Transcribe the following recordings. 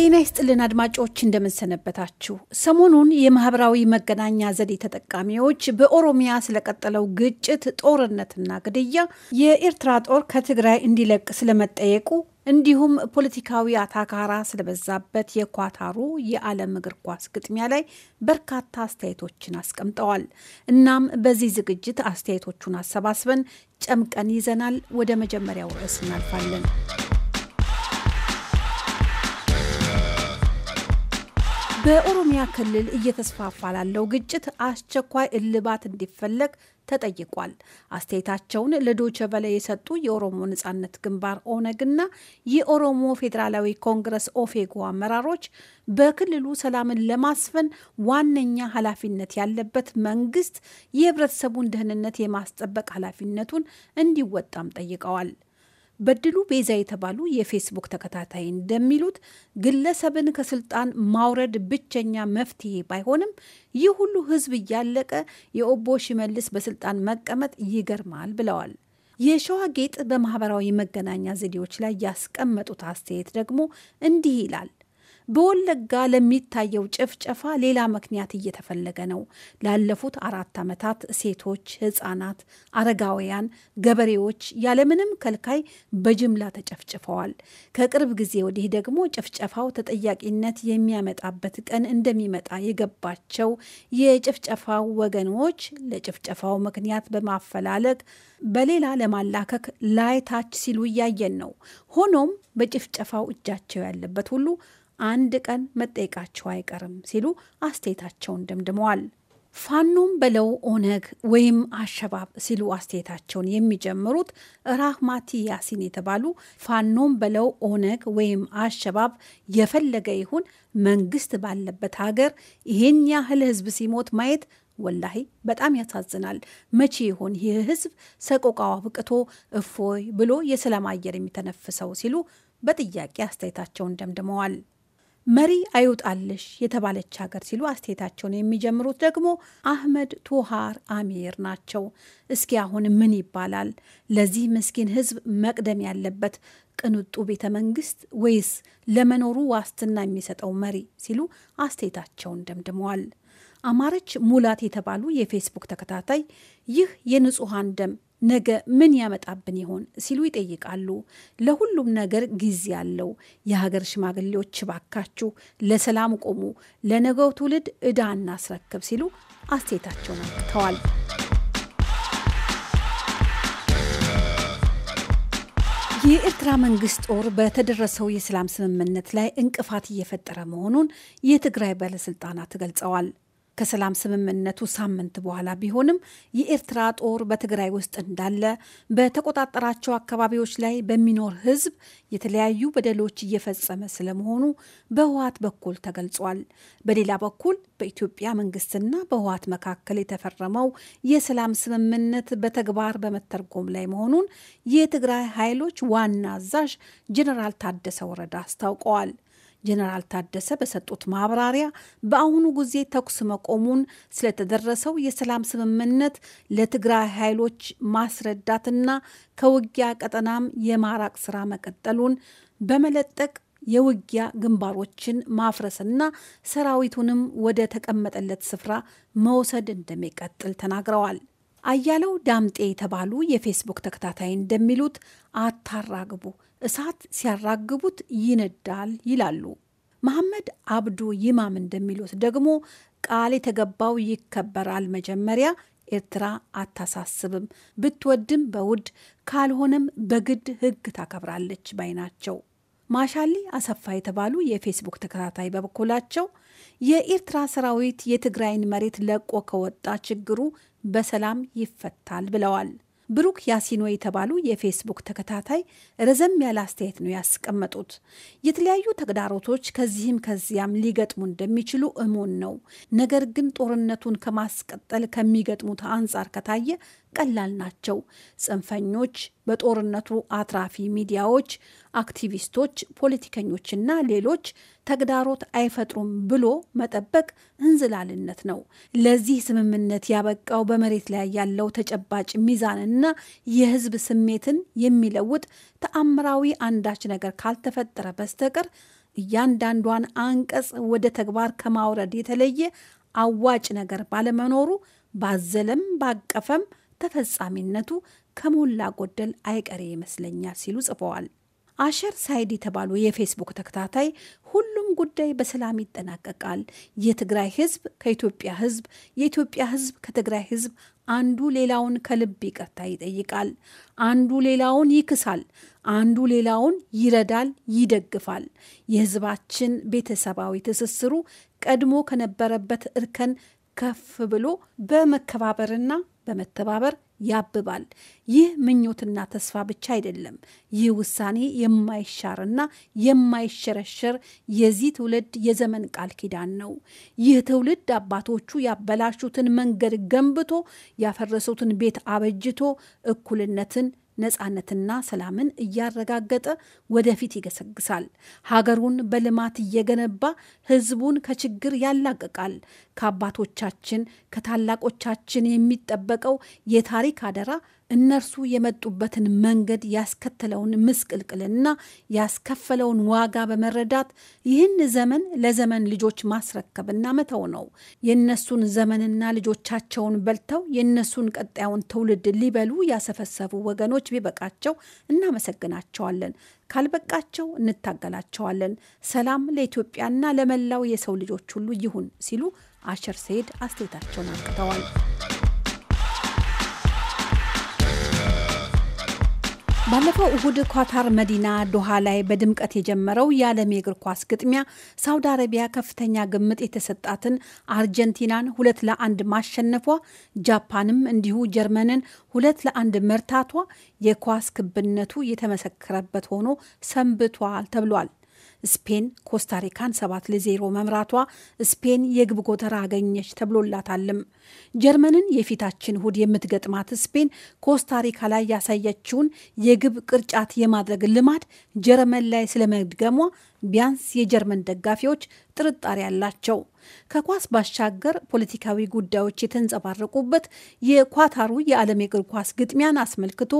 ጤና ይስጥልን አድማጮች፣ እንደምንሰነበታችሁ። ሰሞኑን የማህበራዊ መገናኛ ዘዴ ተጠቃሚዎች በኦሮሚያ ስለቀጠለው ግጭት፣ ጦርነትና ግድያ፣ የኤርትራ ጦር ከትግራይ እንዲለቅ ስለመጠየቁ እንዲሁም ፖለቲካዊ አታካራ ስለበዛበት የኳታሩ የዓለም እግር ኳስ ግጥሚያ ላይ በርካታ አስተያየቶችን አስቀምጠዋል። እናም በዚህ ዝግጅት አስተያየቶቹን አሰባስበን ጨምቀን ይዘናል። ወደ መጀመሪያው ርዕስ እናልፋለን። በኦሮሚያ ክልል እየተስፋፋ ላለው ግጭት አስቸኳይ እልባት እንዲፈለግ ተጠይቋል። አስተያየታቸውን ለዶይቼ ቬለ የሰጡ የኦሮሞ ነጻነት ግንባር ኦነግና የኦሮሞ ፌዴራላዊ ኮንግረስ ኦፌጎ አመራሮች በክልሉ ሰላምን ለማስፈን ዋነኛ ኃላፊነት ያለበት መንግስት የህብረተሰቡን ደህንነት የማስጠበቅ ኃላፊነቱን እንዲወጣም ጠይቀዋል። በድሉ ቤዛ የተባሉ የፌስቡክ ተከታታይ እንደሚሉት ግለሰብን ከስልጣን ማውረድ ብቸኛ መፍትሄ ባይሆንም ይህ ሁሉ ህዝብ እያለቀ የኦቦ ሽመልስ በስልጣን መቀመጥ ይገርማል ብለዋል። የሸዋ ጌጥ በማህበራዊ መገናኛ ዘዴዎች ላይ ያስቀመጡት አስተያየት ደግሞ እንዲህ ይላል። በወለጋ ለሚታየው ጭፍጨፋ ሌላ ምክንያት እየተፈለገ ነው። ላለፉት አራት ዓመታት ሴቶች፣ ህጻናት፣ አረጋውያን፣ ገበሬዎች ያለምንም ከልካይ በጅምላ ተጨፍጭፈዋል። ከቅርብ ጊዜ ወዲህ ደግሞ ጭፍጨፋው ተጠያቂነት የሚያመጣበት ቀን እንደሚመጣ የገባቸው የጭፍጨፋው ወገኖች ለጭፍጨፋው ምክንያት በማፈላለግ በሌላ ለማላከክ ላይታች ሲሉ እያየን ነው። ሆኖም በጭፍጨፋው እጃቸው ያለበት ሁሉ አንድ ቀን መጠየቃቸው አይቀርም ሲሉ አስተያየታቸውን ደምድመዋል። ፋኖም በለው ኦነግ ወይም አሸባብ ሲሉ አስተያየታቸውን የሚጀምሩት ራህማቲ ያሲን የተባሉ ፋኖም በለው ኦነግ ወይም አሸባብ የፈለገ ይሁን መንግስት ባለበት ሀገር ይህን ያህል ህዝብ ሲሞት ማየት ወላሂ በጣም ያሳዝናል። መቼ ይሆን ይህ ህዝብ ሰቆቃው አብቅቶ እፎይ ብሎ የሰላም አየር የሚተነፍሰው ሲሉ በጥያቄ አስተያየታቸውን ደምድመዋል። መሪ አይውጣልሽ የተባለች ሀገር ሲሉ አስተያየታቸውን የሚጀምሩት ደግሞ አህመድ ቱሃር አሚር ናቸው። እስኪ አሁን ምን ይባላል? ለዚህ ምስኪን ህዝብ መቅደም ያለበት ቅንጡ ቤተ መንግስት ወይስ ለመኖሩ ዋስትና የሚሰጠው መሪ ሲሉ አስተያየታቸውን ደምድመዋል። አማረች ሙላት የተባሉ የፌስቡክ ተከታታይ ይህ የንጹሐን ደም ነገ ምን ያመጣብን ይሆን ሲሉ ይጠይቃሉ። ለሁሉም ነገር ጊዜ አለው። የሀገር ሽማግሌዎች ባካችሁ ለሰላም ቆሙ፣ ለነገው ትውልድ እዳ እናስረክብ ሲሉ አስተያየታቸውን አቅተዋል። የኤርትራ መንግስት ጦር በተደረሰው የሰላም ስምምነት ላይ እንቅፋት እየፈጠረ መሆኑን የትግራይ ባለስልጣናት ገልጸዋል። ከሰላም ስምምነቱ ሳምንት በኋላ ቢሆንም የኤርትራ ጦር በትግራይ ውስጥ እንዳለ በተቆጣጠራቸው አካባቢዎች ላይ በሚኖር ሕዝብ የተለያዩ በደሎች እየፈጸመ ስለመሆኑ በህወሀት በኩል ተገልጿል። በሌላ በኩል በኢትዮጵያ መንግስትና በህወሀት መካከል የተፈረመው የሰላም ስምምነት በተግባር በመተርጎም ላይ መሆኑን የትግራይ ኃይሎች ዋና አዛዥ ጀኔራል ታደሰ ወረዳ አስታውቀዋል። ጀነራል ታደሰ በሰጡት ማብራሪያ በአሁኑ ጊዜ ተኩስ መቆሙን ስለተደረሰው የሰላም ስምምነት ለትግራይ ኃይሎች ማስረዳትና ከውጊያ ቀጠናም የማራቅ ስራ መቀጠሉን በመለጠቅ የውጊያ ግንባሮችን ማፍረስና ሰራዊቱንም ወደ ተቀመጠለት ስፍራ መውሰድ እንደሚቀጥል ተናግረዋል። አያለው ዳምጤ የተባሉ የፌስቡክ ተከታታይ እንደሚሉት አታራግቡ፣ እሳት ሲያራግቡት ይነዳል ይላሉ። መሐመድ አብዱ ይማም እንደሚሉት ደግሞ ቃል የተገባው ይከበራል። መጀመሪያ ኤርትራ አታሳስብም፣ ብትወድም በውድ ካልሆነም በግድ ህግ ታከብራለች ባይ ናቸው። ማሻሌ አሰፋ የተባሉ የፌስቡክ ተከታታይ በበኩላቸው የኤርትራ ሰራዊት የትግራይን መሬት ለቆ ከወጣ ችግሩ በሰላም ይፈታል ብለዋል። ብሩክ ያሲኖ የተባሉ የፌስቡክ ተከታታይ ረዘም ያለ አስተያየት ነው ያስቀመጡት። የተለያዩ ተግዳሮቶች ከዚህም ከዚያም ሊገጥሙ እንደሚችሉ እሙን ነው። ነገር ግን ጦርነቱን ከማስቀጠል ከሚገጥሙት አንጻር ከታየ ቀላል ናቸው። ጽንፈኞች፣ በጦርነቱ አትራፊ ሚዲያዎች፣ አክቲቪስቶች፣ ፖለቲከኞችና ሌሎች ተግዳሮት አይፈጥሩም ብሎ መጠበቅ እንዝላልነት ነው። ለዚህ ስምምነት ያበቃው በመሬት ላይ ያለው ተጨባጭ ሚዛንና የህዝብ ስሜትን የሚለውጥ ተአምራዊ አንዳች ነገር ካልተፈጠረ በስተቀር እያንዳንዷን አንቀጽ ወደ ተግባር ከማውረድ የተለየ አዋጭ ነገር ባለመኖሩ ባዘለም ባቀፈም ተፈጻሚነቱ ከሞላ ጎደል አይቀሬ ይመስለኛል ሲሉ ጽፈዋል። አሸር ሳይድ የተባሉ የፌስቡክ ተከታታይ ሁሉም ጉዳይ በሰላም ይጠናቀቃል፣ የትግራይ ሕዝብ ከኢትዮጵያ ሕዝብ፣ የኢትዮጵያ ሕዝብ ከትግራይ ሕዝብ፣ አንዱ ሌላውን ከልብ ይቅርታ ይጠይቃል፣ አንዱ ሌላውን ይክሳል፣ አንዱ ሌላውን ይረዳል፣ ይደግፋል። የሕዝባችን ቤተሰባዊ ትስስሩ ቀድሞ ከነበረበት እርከን ከፍ ብሎ በመከባበርና በመተባበር ያብባል። ይህ ምኞትና ተስፋ ብቻ አይደለም። ይህ ውሳኔ የማይሻርና የማይሸረሸር የዚህ ትውልድ የዘመን ቃል ኪዳን ነው። ይህ ትውልድ አባቶቹ ያበላሹትን መንገድ ገንብቶ ያፈረሱትን ቤት አበጅቶ እኩልነትን ነጻነትና ሰላምን እያረጋገጠ ወደፊት ይገሰግሳል። ሀገሩን በልማት እየገነባ ህዝቡን ከችግር ያላቅቃል። ከአባቶቻችን ከታላቆቻችን የሚጠበቀው የታሪክ አደራ እነርሱ የመጡበትን መንገድ ያስከተለውን ምስቅልቅልና ያስከፈለውን ዋጋ በመረዳት ይህን ዘመን ለዘመን ልጆች ማስረከብና መተው ነው። የእነሱን ዘመንና ልጆቻቸውን በልተው የእነሱን ቀጣዩን ትውልድ ሊበሉ ያሰፈሰፉ ወገኖች ቢበቃቸው እናመሰግናቸዋለን፣ ካልበቃቸው እንታገላቸዋለን። ሰላም ለኢትዮጵያና ለመላው የሰው ልጆች ሁሉ ይሁን ሲሉ አሸር ሰይድ አስተያየታቸውን አብቅተዋል። ባለፈው እሁድ ኳታር መዲና ዶሃ ላይ በድምቀት የጀመረው የዓለም የእግር ኳስ ግጥሚያ ሳውዲ አረቢያ ከፍተኛ ግምት የተሰጣትን አርጀንቲናን ሁለት ለአንድ ማሸነፏ፣ ጃፓንም እንዲሁ ጀርመንን ሁለት ለአንድ መርታቷ የኳስ ክብነቱ የተመሰከረበት ሆኖ ሰንብቷል ተብሏል። ስፔን ኮስታሪካን ሰባት ለዜሮ መምራቷ ስፔን የግብ ጎተራ አገኘች ተብሎላታልም። ጀርመንን የፊታችን እሁድ የምትገጥማት ስፔን ኮስታሪካ ላይ ያሳየችውን የግብ ቅርጫት የማድረግ ልማድ ጀርመን ላይ ስለመድገሟ ቢያንስ የጀርመን ደጋፊዎች ጥርጣሬ አላቸው። ከኳስ ባሻገር ፖለቲካዊ ጉዳዮች የተንጸባረቁበት የኳታሩ የዓለም የእግር ኳስ ግጥሚያን አስመልክቶ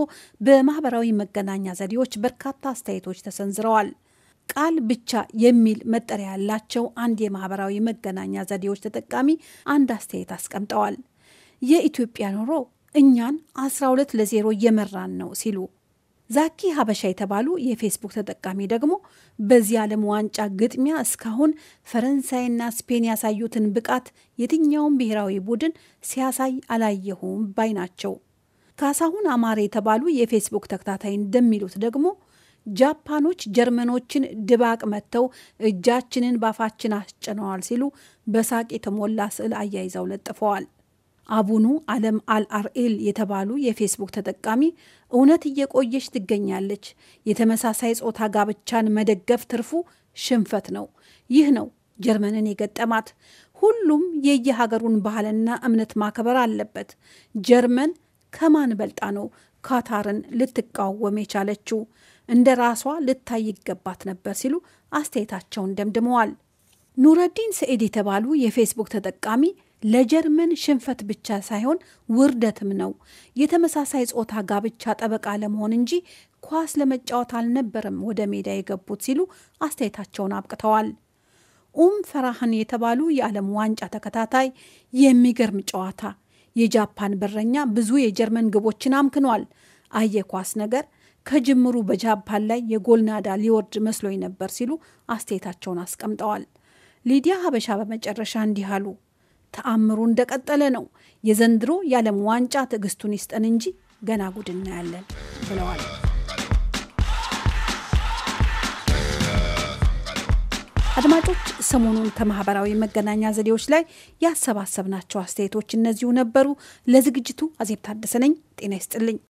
በማህበራዊ መገናኛ ዘዴዎች በርካታ አስተያየቶች ተሰንዝረዋል። ቃል ብቻ የሚል መጠሪያ ያላቸው አንድ የማህበራዊ መገናኛ ዘዴዎች ተጠቃሚ አንድ አስተያየት አስቀምጠዋል። የኢትዮጵያ ኑሮ እኛን 12 ለዜሮ እየመራን ነው ሲሉ፣ ዛኪ ሀበሻ የተባሉ የፌስቡክ ተጠቃሚ ደግሞ በዚህ ዓለም ዋንጫ ግጥሚያ እስካሁን ፈረንሳይና ስፔን ያሳዩትን ብቃት የትኛውም ብሔራዊ ቡድን ሲያሳይ አላየሁም ባይ ናቸው። ካሳሁን አማሬ የተባሉ የፌስቡክ ተከታታይ እንደሚሉት ደግሞ ጃፓኖች ጀርመኖችን ድባቅ መጥተው እጃችንን ባፋችን አስጭነዋል ሲሉ በሳቅ የተሞላ ስዕል አያይዘው ለጥፈዋል። አቡኑ አለም አልአርኤል የተባሉ የፌስቡክ ተጠቃሚ እውነት እየቆየች ትገኛለች። የተመሳሳይ ጾታ ጋብቻን መደገፍ ትርፉ ሽንፈት ነው። ይህ ነው ጀርመንን የገጠማት። ሁሉም የየሀገሩን ባህልና እምነት ማክበር አለበት። ጀርመን ከማን በልጣ ነው ካታርን ልትቃወም የቻለችው? እንደ ራሷ ልታይ ይገባት ነበር ሲሉ አስተያየታቸውን ደምድመዋል። ኑረዲን ሰኤድ የተባሉ የፌስቡክ ተጠቃሚ ለጀርመን ሽንፈት ብቻ ሳይሆን ውርደትም ነው። የተመሳሳይ ጾታ ጋብቻ ጠበቃ ለመሆን እንጂ ኳስ ለመጫወት አልነበረም ወደ ሜዳ የገቡት ሲሉ አስተያየታቸውን አብቅተዋል። ኡም ፈራህን የተባሉ የዓለም ዋንጫ ተከታታይ የሚገርም ጨዋታ፣ የጃፓን በረኛ ብዙ የጀርመን ግቦችን አምክኗል። ኳስ ነገር ከጅምሩ በጃፓን ላይ የጎል ናዳ ሊወርድ መስሎኝ ነበር ሲሉ አስተያየታቸውን አስቀምጠዋል። ሊዲያ ሀበሻ በመጨረሻ እንዲህ አሉ። ተአምሩ እንደቀጠለ ነው። የዘንድሮ የዓለም ዋንጫ ትዕግስቱን ይስጠን እንጂ ገና ጉድ እናያለን ብለዋል። አድማጮች፣ ሰሞኑን ከማህበራዊ መገናኛ ዘዴዎች ላይ ያሰባሰብናቸው አስተያየቶች እነዚሁ ነበሩ። ለዝግጅቱ አዜብ ታደሰ ነኝ። ጤና ይስጥልኝ።